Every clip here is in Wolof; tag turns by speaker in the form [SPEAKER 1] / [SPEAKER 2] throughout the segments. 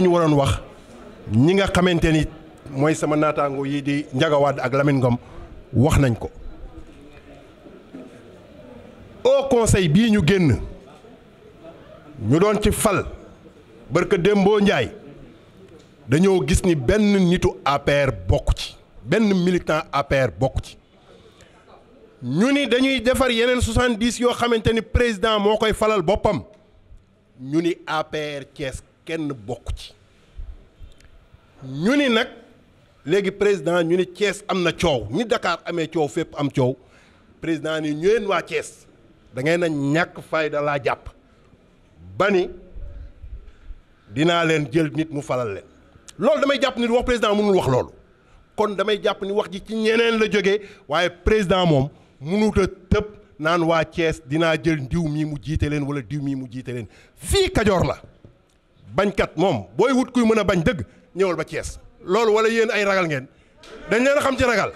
[SPEAKER 1] ñu waroon wax ñi nga xamante ni mooy sama naataango yi di njagawaad ak Lamine Ngom wax nañ ko au conseil bii ñu génn ñu doon ci fal barka démboo Njaay dañoo gis ni benn nitu APR bokk ci benn militant APR bokk ci ñu ni dañuy defar yeneen soixante-dix yoo xamante ni président moo koy falal boppam ñu ni APR Thiès kenn bokk ci ñu ni nag léegi président ñu ni Thiès am na coow ni Dakar amee coow fépp am coow président ni ñu leen waa Thiès da ngay na ñàkk fayda laa jàpp ba ni dinaa leen jël nit mu falal leen loolu damay jàpp ni wax président mënul wax loolu kon damay jàpp ni wax ji ci ñeneen la jóge waaye président moom mënut a tëb naan waa cees dinaa jël diw mii mu jiite leen wala diw mii mu jiite leen fii Kajoor la bañkat moom booy wut kuy mën a bañ dëgg ñëwal ba Thiès loolu wala yéen ay ragal ngeen dañ leen a xam ci ragal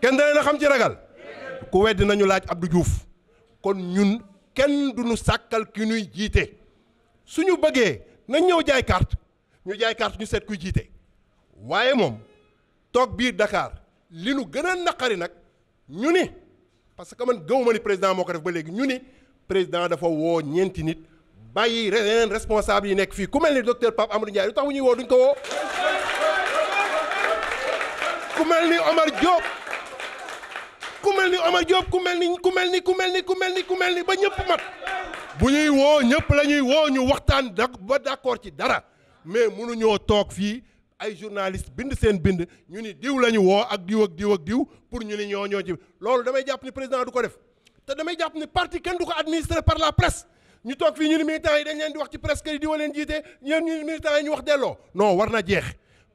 [SPEAKER 1] kenn da leen a xam ci ragal ku weddi nañu laaj ab Abdou Diouf kon ñun kenn du ñu sàkkal ki ñuy jiite suñu bëggee na ñëw jaay carte ñu jaay carte ñu seet kuy jiite waaye moom toog biir dakaar li nu gën a naqari nag ñu ni parce que man ma ni président moo ko def ba léegi ñu ni président dafa woo ñeenti nit bàyyi yeneen responsable yi nekk fii ku mel ni docteur Pape Amadou Ndiaye lu tax mu ñuy woo duñ ko woo ku mel ni Omar Diop ku mel ni Omar Diop ku mel ni ku mel ni ku mel ni ku mel ni ku mel ni ba ñëpp mat bu ñuy woo ñëpp la ñuy woo ñu waxtaan da ba d'accord ci dara mais mënuñoo toog fii ay journaliste bind seen bind ñu ni diw la ñu woo ak diw ak diw ak diw pour ñu ni ñoo ñoo ci loolu damay jàpp ni président du ko def te damay jàpp ni parti kenn du ko administré par la presse ñu toog fii ñu ni militants yi dañ leen di wax ci presque yi di wa leen jiite ñeen ñu ni militants yi wax delloo non war na jeex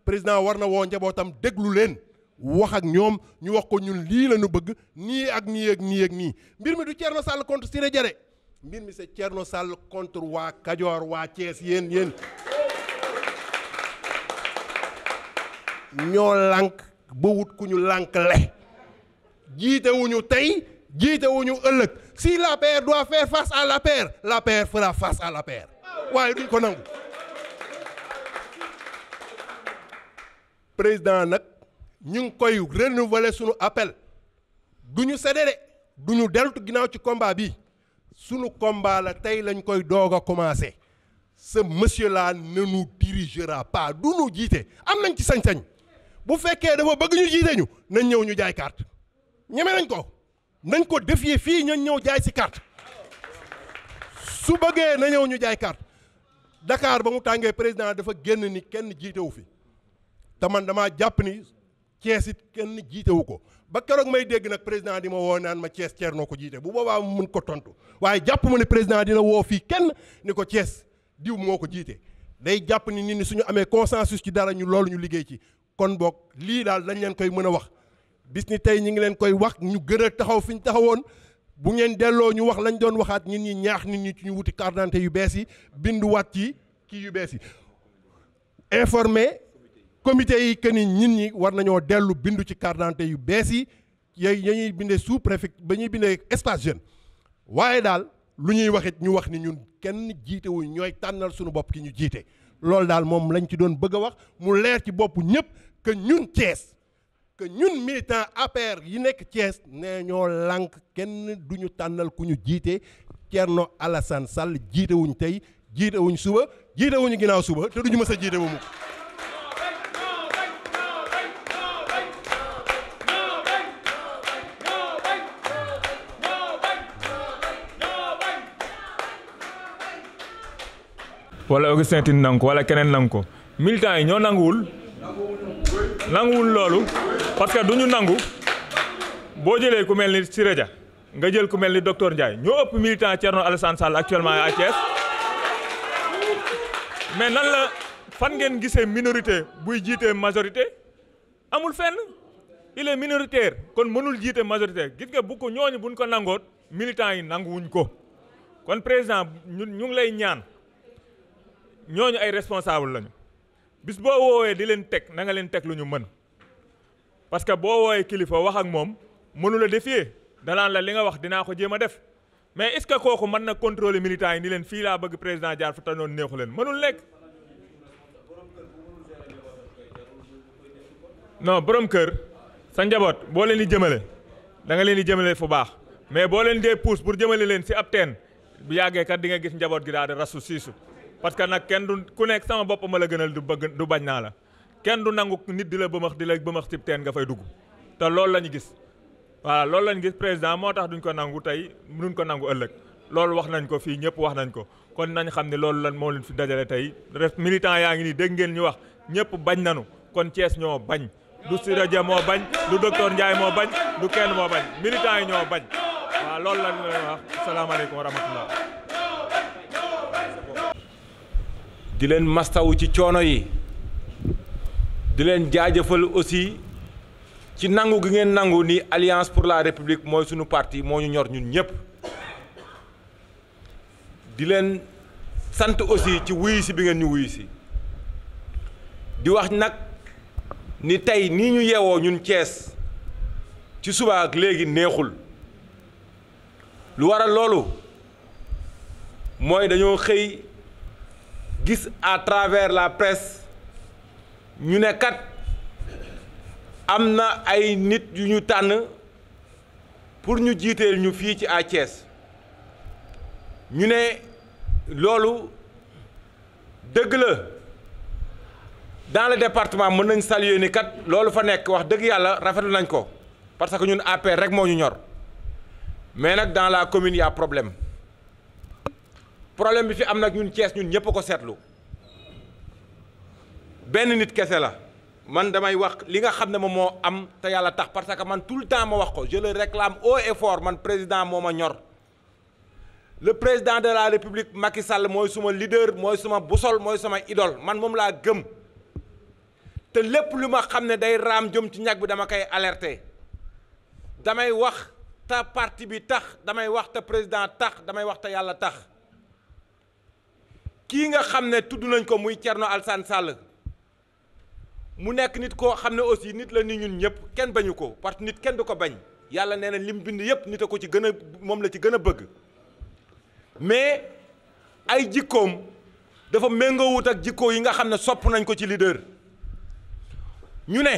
[SPEAKER 1] président war na woo njabootam déglu leen wax ak ñoom ñu wax ko ñun lii la bëgg nii ak nii ak nii ak nii mbir mi du cer Thierno Sall contre Siré Dia mbir mi se c'est noo sàll contre waa Kajoor waa Thiès yéen yéen ñoo lànk ba wut ku ñu lànk le jiite tey jiite wu ñu ëllëg si l'APR doit faire face à l'APR l'APR fera fas à l'APR waaye duñ ko nangu. président nag ñu ngi koy wale sunu appel du ñu séddale du ñu deltu ginnaaw ci combat bi sunu combat la tey lañ koy doog a commencer ce monsieur là ne nous dirigera pas du ñu jiite am nañ ci sañ-sañ bu fekkee dafa bëgg ñu jiite ñu nañ ñëw ñu jaay carte ñeme nañ ko. nañ ko défier fii ña ñëw jaay si carte su bëggee na ñëw ñu jaay carte Dakar ba mu tàngee président dafa génn ni kenn jiitewu fi te man damaa jàpp ni Thiès it kenn jiitewu ko ba keroog may dégg nag président di ma woo naan ma ceer noo ko jiite bu boobaa mun ko tontu waaye jàpp ma ne président dina woo fii kenn ni ko Thiès diw moo ko jiite day jàpp ni nit ñi suñu amee consensus ci dara ñu loolu ñu liggéey ci kon boog lii daal lañ leen koy mën a wax. bis ni tey ñi ngi leen koy wax ñu gën a taxaw fi ñu taxawoon bu ngeen delloo ñu wax lañ doon waxaat ñun ñi ñaax nit ñi ci ñu wuti carte yu bees yi binduwaat ci kii yu bees yi informer comité yi que ni nit ñi war nañoo dellu bindu ci carte yu bees yi yooyu ñuy bindee sous préfet ba ñuy bindee espace jeune waaye daal lu ñuy wax it ñu wax ni ñun kenn jiite ñooy tànnal suñu bopp ki ñu jiite loolu daal moom lañ ci doon bëgg a wax mu leer ci boppu ñëpp que ñun cees que ñun militant APR yi nekk Thiès nee ñoo lànk kenn du ñu tànnal ku ñu jiite Thierno Alassane Sall jiite tey jiite suba jiite wuñu ginnaaw suba te duñu mës a jiite wu mu.
[SPEAKER 2] wala Augustin nangu ko wala keneen nangu ko militant yi ñoo nanguwul. nanguwul loolu parce que du ñu nangu boo jëlee ku mel ni Siré Dia nga jël ku mel ni docteur Ndiaye ñoo ëpp militant Thierno Alassane Sall actuellement à Thiès mais nan la fan ngeen gisee minorité buy jiitee majorité amul fenn il est kon mënul jiite majorité gis nga bu ko ñooñu buñ ko nangoot militant yi nanguwuñ ko kon président ñu ngi lay ñaan ñooñu ay responsable lañu bis boo woowee di leen teg na nga leen teg lu ñu mën parce que boo woowee kilifa wax ak moom mënula la défier danaan la li nga wax dinaa ko jéem a def mais est-ce que kooku mën na contrôler militants yi ni leen fii laa bëgg président jaar fu te noonu neexu leen mënul nekk. non borom kër sa njaboot boo leen di jëmale da nga leen di jëmale fu baax mais boo leen dee pousse pour jëmale leen si ab teen bu yàggee kat di nga gis njaboot gi daal di rasu siisu. parce que nag kenn du ku nekk sama bopp ma la gënal du bëgg du bañ naa la kenn du nangu nit di la bëmax di la bëmax ci teen nga fay dugg te loolu la ñu gis voilà loolu la gis président moo tax duñ ko nangu tey duñ ko nangu ëllëg loolu wax nañ ko fii ñëpp wax nañ ko kon nañ xam ne loolu lan moo leen fi dajale tey ref militant yaa ngi nii dégg ngeen ñu wax ñëpp bañ nañu kon Thiès ñoo bañ du Sira ja moo bañ du docteur njaay moo bañ du kenn moo bañ militant yi ñoo bañ loolu lan leen wax
[SPEAKER 3] di leen mastawu ci coono yi di leen jaajëfal aussi ci nangu gi ngeen nangu ni alliance pour la république mooy sunu parti moo ñu ñor ñun ñëpp di leen sant aussi ci wuyu bi ngeen ñu wuyu si di wax nag ni tey nii ñu yeewoo ñun Cees ci suba ak léegi neexul lu waral loolu mooy dañoo xëy. gis à travers la presse ñu ne kat am na ay nit yu ñu tànn pour ñu jiiteel ñu fii ci à Thiès ñu ne loolu dëgg la dans le département mën nañ saluer ni kat loolu fa nekk wax dëgg yàlla rafetlu nañ ko parce que ñun APR rek moo ñu ñor mais nag dans la commune y a problème bi fi am nag ñun Cees ñun ñëpp ko seetlu benn nit kese la man damay wax li nga xam ne moom moo am te yàlla tax parce que man tout le temps ma wax ko je le réclame haut et man président moom ma ñor le président de la république Macky Sall mooy suma leader mooy suma busol mooy sama idole man moom laa gëm te lépp lu ma xam ne day raam jëm ci ñag bi dama koy alerter damay wax te parti bi tax damay wax te président tax damay wax te yàlla tax. kii nga xam ne tudd nañ ko muy Thierno Alassane Sall mu nekk nit koo xam ne aussi nit la ni ñun ñëpp kenn bañu ko parce que nit kenn du ko bañ yàlla nee na lim bind yëpp nit a ko ci gën a moom la ci gën a bëgg mais ay jikkoom dafa méngoowut ak jikko yi nga xam ne sopp nañ ko ci leader ñu ne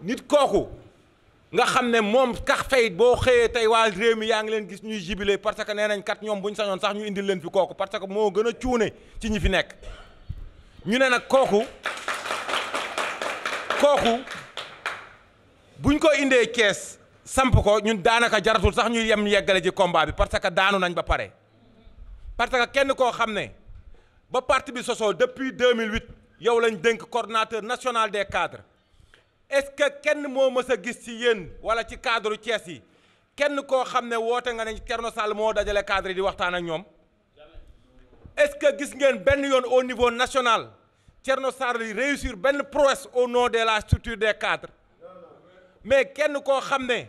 [SPEAKER 3] nit kooku. nga xam ne moom kax fay boo xëyee tey waa réew mi yaa ngi leen gis ñuy jubilé parce que nee nañ kat ñoom bu ñu sañoon sax ñu indil leen fi kooku parce que moo gën a cuune ci ñi fi nekk ñu ne nag kooku kooku buñ ko indee kees samp ko ñun daanaka jaratul sax ñu yem yeggale ji combat bi parce que daanu nañ ba pare parce que kenn koo xam ne ba parti bi sosoo depuis 2008 yow lañ dénk coordonnateur national des cadres est-ce que kenn moo mës a gis ci yéen wala ci cadre Thiès yi kenn koo xam ne woote nga ne Thierno Sall moo dajale cadre yi di waxtaan ak ñoom est-ce que gis ngeen benn yoon au niveau national Thierno Sall yi réussir benn prouesse au nom de la structure des cadres mais kenn koo xam ne.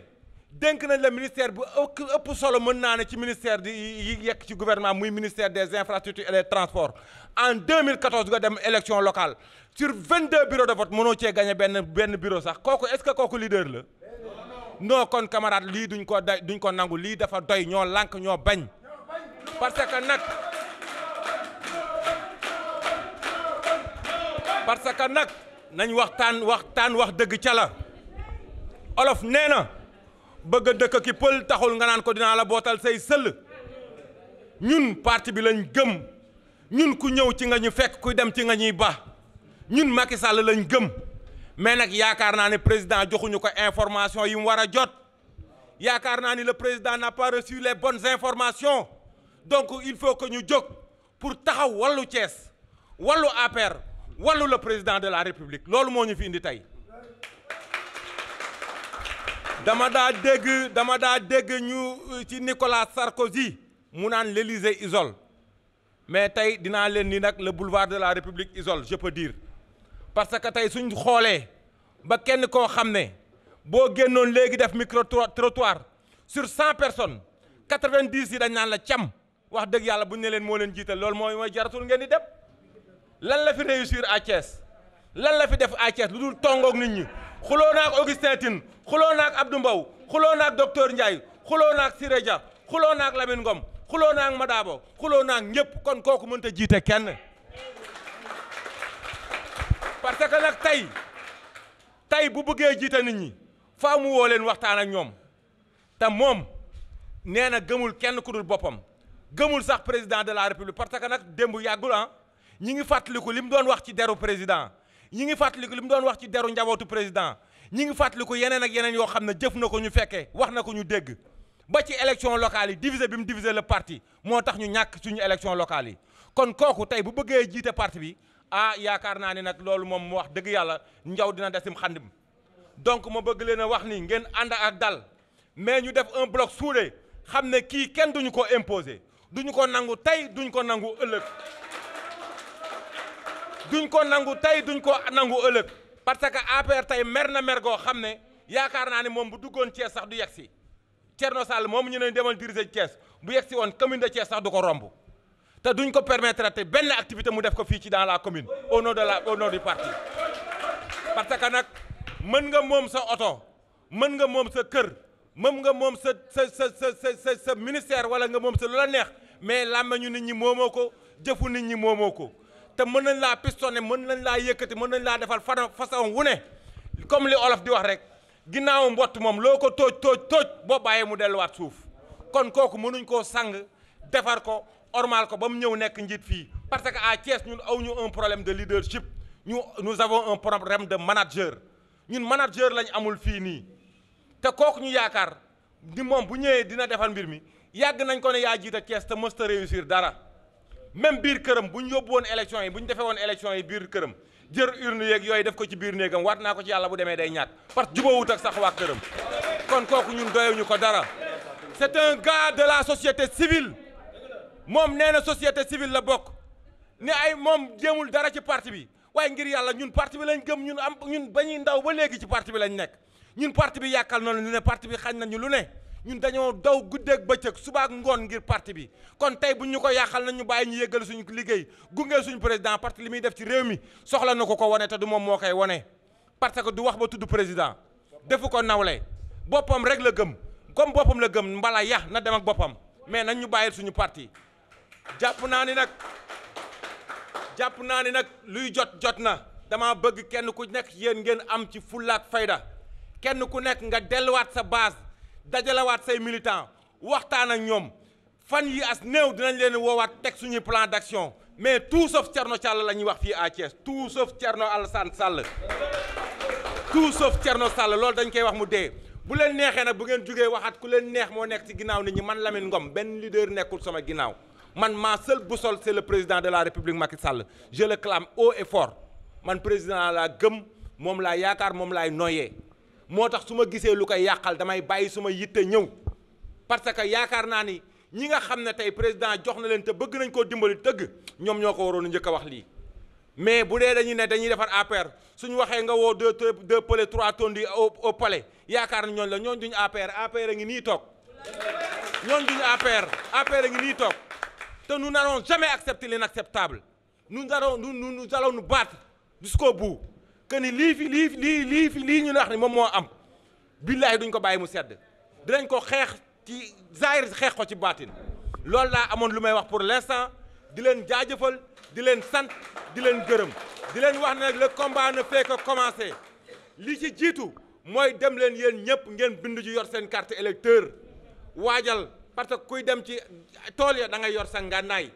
[SPEAKER 3] dénk nañ la ministère bu ëpp solo mën naa ne ci ministère di yi yekk ci gouvernement muy ministère des infrastructures et des transports en 2014 nga dem élection locale sur 22 bureaux de vote mënoo cee gagné benn benn bureau sax kooku est-ce que kooku leader la. non kon camarade lii duñ ko day duñ ko nangu lii dafa doy ñoo lànk ñoo bañ parce que nag parce que nag nañ waxtaan waxtaan wax dëgg ca la olof nee na. bëgg dëkk ki pël taxul nga naan ko dinaa la bootal say sëll ñun parti bi lañ gëm ñun ku ñëw ci nga ñu fekk kuy dem ci nga ñuy ba ñun Macky Sall lañ gëm mais nag yaakaar naa ne président joxuñu ko information yi mu war a jot yaakaar naa ni le président n'a pas reçu les bonnes informations donc il faut que ñu jóg pour taxaw wallu cees wallu APR wallu la président de la République loolu moo ñu fi indi tey dama daa dégg dama daa dégg ñu euh, ci Nicolas Sarkozy mu naan l'Élysée isole mais tey dinaa leen nii nag le boulevard de la République isole je diir parce que tey suñ xoolee ba kenn koo xam ne boo génnoon léegi def micro trottoir sur cent personnes quatre-vingt-dix yi dañ naan la cam wax dëgg yàlla bu ne leen moo leen jiital loolu mooy mooy jaratul ngeen di dem lan la fi réussir à lan la fi def à lu dul tongook nit ñi xuloo naak Augustin Tine xuloo naak Abdou Mbow xuloo naak docteur Ndiaye xuloo naak Siré Dia xuloo naak Lamine Ngom xuloo naak Madaabo xuloo naak ñëpp kon kooku mënta jiite kenn parce que nag tey tey bu bëggee jiite nit ñi faa woo leen waxtaan ak ñoom te moom nee na gëmul kenn ku dul boppam gëmul sax président de la république parce que nag démb yàggul ah ñi ngi fàttaliku li mu doon wax ci deru président ñi ngi fàttaliku li mu doon wax ci deru njabootu président ñi ngi fàttaliku yeneen ak yeneen yoo xam ne jëf na ko ñu fekkee wax na ko ñu dégg ba ci élection locale yi diviser bi mu diviser le parti moo tax ñu ñàkk suñu élection locale yi kon kooku tey bu bëggee jiite parti bi ah yaakaar naa ni nag loolu moom mu wax dëgg yàlla njaw dina desim xandim donc ma bëgg leen a wax ni ngeen ànd ak dal mais ñu def un bloc soudé xam ne kii kenn duñu ko imposer duñu ko nangu tey duñu ko nangu ëllëg duñ ko nangu tey duñ ko nangu ëllëg parce que APR tey mer na mer goo xam ne yaakaar naa ne moom bu duggoon Thiès sax du yegg si Thierno Sall moom ñu ne demal diriger Thiès bu yegg si commune de Thiès sax du ko romb te duñ ko permettre te benn activité mu def ko fii ci dans la commune au nom de la au nom parti parce que nag mën nga moom sa oto mën nga moom sa kër mën nga moom sa sa sa sa sa ministère wala nga moom sa lu la neex mais làmmiñu nit ñi moomoo ko jëfu nit ñi moomoo ko te mën nañ laa pistonné mën nañ laa yëkkati mën nañ laa defal façon wu ne comme li olof di wax rek ginnaaw mbott moom loo ko tooj tooj tooj boo bàyyee mu delluwaat suuf kon kooku mënuñ koo sang defar ko ormal ko ba mu ñëw nekk njiit fii parce que à Thiès ñun aw ñu un problème de leadership ñu nous avons un problème de manager ñun manager lañ amul fii nii te kooku ñu yaakaar ni moom bu ñëwee dina defar mbir mi yàgg nañ ko ne yaa jiite Thiès te mësta réussir dara même biir këram bu ñu yóbbu woon élection yi bu ñu defee woon élection yi biir këram jër urne yeeg yooyu def ko ci biir néegam waat naa ko ci yàlla bu demee day ñàkk parce que jubóowut ak sax waa këram kon kooku ñun ñu ko dara c'est un gars de la société civile moom nee na société civile la bokk ni ay moom jéemul dara ci parti bi waaye ngir yàlla ñun parti bi lañ gëm ñun am ñun ba ñuy ndaw ba léegi ci parti bi lañ nekk ñun parti bi yàkkal noonu lu ne parti bi xañ nañu lu ne ñun dañoo daw guddeeg bëccëg suba ak ngoon ngir parti bi kon tey bu ñu ko yàqal nañ ñu bàyyi ñu yëggal suñu liggéey gunge suñu président parti li muy def ci réew mi soxla na ko ko wane te du moom moo koy wane. parce que du wax ba tudd président defu ko nawle boppam rek la gëm comme boppam la gëm mbala ya na dem ak boppam mais nañ ñu bàyyil suñu parti jàpp naa ni nag jàpp naa ni nag luy jot jot na dama bëgg kenn ku nekk yéen ngeen am ci fulla fayda kenn ku nekk nga delluwaat sa base dajalewaat say militants waxtaan ak ñoom fan yi as néew dinañ leen woowaat teg suñuy plan d'action mais tout sauf Thierno Sall la ñuy wax fii à Thiès tout sauf Thierno Alassane Sall tout sauf Thierno Sall loolu dañ koy wax mu dee bu leen neexee nag bu ngeen jógee waxaat ku leen neex moo nekk ci ginnaaw nit ñi man Lamine Ngom benn leader nekkul sama ginnaaw man ma seule sol c'est le président de la République Macky Sall je le clame haut et fort man président laa gëm moom laa yaakaar moom laay noyyee moo tax su ma gisee lu koy yàqal damay bàyyi su ma yitte ñëw parce que yaakaar naa ni ñi nga xam ne tey président jox na leen te bëgg nañ koo dimbali tëgg ñoom ñoo ko waroon njëkk a wax lii mais bu dee dañuy ne dañuy defar APR suñu waxee nga woo deux deux palais trois tonnes yi au au palais yaakaar na ñooñ la ñooñu duñu APR APR a ngi nii toog ñooñu duñu APR APR a ngi nii toog te nous n'allons jamais accepter l'inacceptable nous nu nous nu allons nous battre jusqu'au que ni lii fi lii lii lii fi lii ñu wax ni moom moo am billaahi duñ ko bàyyi mu sedd dinañ ko xeex ci zaahir xeex ko ci baatin loolu laa amoon lu may wax pour l'instant di leen jaajëfal di leen sant di leen gërëm di leen wax ne nag le combat ne fait que commencer ci jiitu mooy dem leen yéen ñëpp ngeen bindu ji yor seen carte électeur waajal parce que kuy dem ci tool ya da ngay yor sa ngànnaay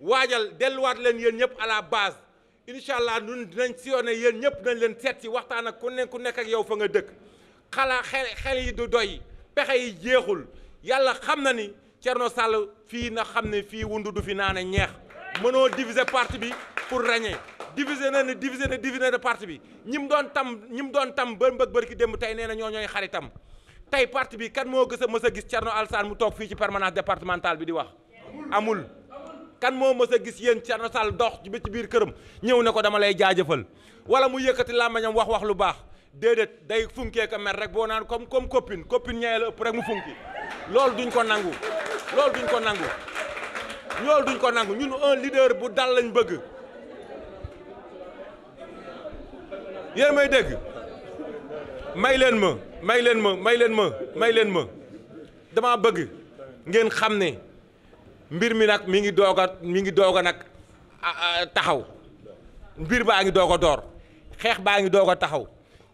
[SPEAKER 3] waajal delluwaat leen yéen ñëpp à la base incha allah ñun dinañ sillonné yéen ñëpp dañ leen seet si waxtaan ak ku ne ku nekk ak yow fa nga dëkk xalaa xel xel yi du doy pexe yi jeexul yàlla xam na ni cerno Sall fii na xam ne fii wundu du fi naan ñeex mënoo diviser parti bi pour ràññee diviser na ne diviser na diviser na parti bi ñi mu doon tam ñi mu doon tam ba bër bërki démb tey nee na ñoo ñooy xaritam tey parti bi kan moo gës a mës a gis Thierno Alassane mu toog fii ci permanence départementale bi di wax kan moo mës gis yéen Thierno Sall dox ba ci biir këram ñëw ne ko dama lay jaajëfal wala mu yëkkati làmbañam wax wax lu baax déedéet day funkee ko mer rek boo naan kom comme copine copine la ëpp rek mu funki loolu duñ ko nangu loolu duñ ko nangu loolu duñ ko nangu ñun un bu dal lañu bëgg yéen may dégg may leen ma may leen ma may leen ma may ma dama bëgg ngeen xam ne mbir mi nag mi ngi doog mi ngi doog a nag taxaw mbir baa ngi doog a door xeex baa ngi doog a taxaw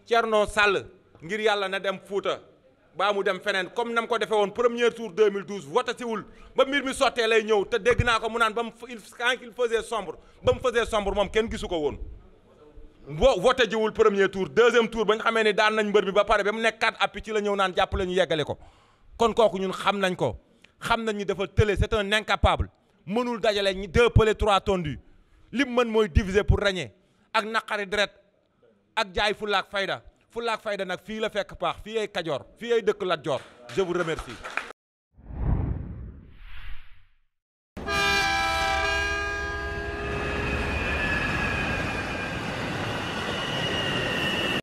[SPEAKER 3] Thierno Sall ngir yàlla na dem Fuuta baa mu dem feneen comme nam ko defe woon premier tour 2012 voté siwul ba mbir mi sottee lay ñëw te dégg naa ko mu naan ba mu quand il faisait sombre ba mu faisait sombre moom kenn gisu ko woon wo voté jiwul premier tour deuxième tour ba ñu xamee ni daan nañ mbër bi ba pare ba mu nekkaat appi ci la ñëw naan jàppale ñu yeggale ko kon kooku ñun xam nañ ko xam nañ ni dafa tële c'est un incapable mënul dajale ñi deux pelés trois tondus li lim mën mooy diviser pour régner ak naqari deret ak jaay fu ak fayda fulla ak fayda nag fii la fekk paax fii ay Kajoor fii ay dëkk Lat Joor je vous remercie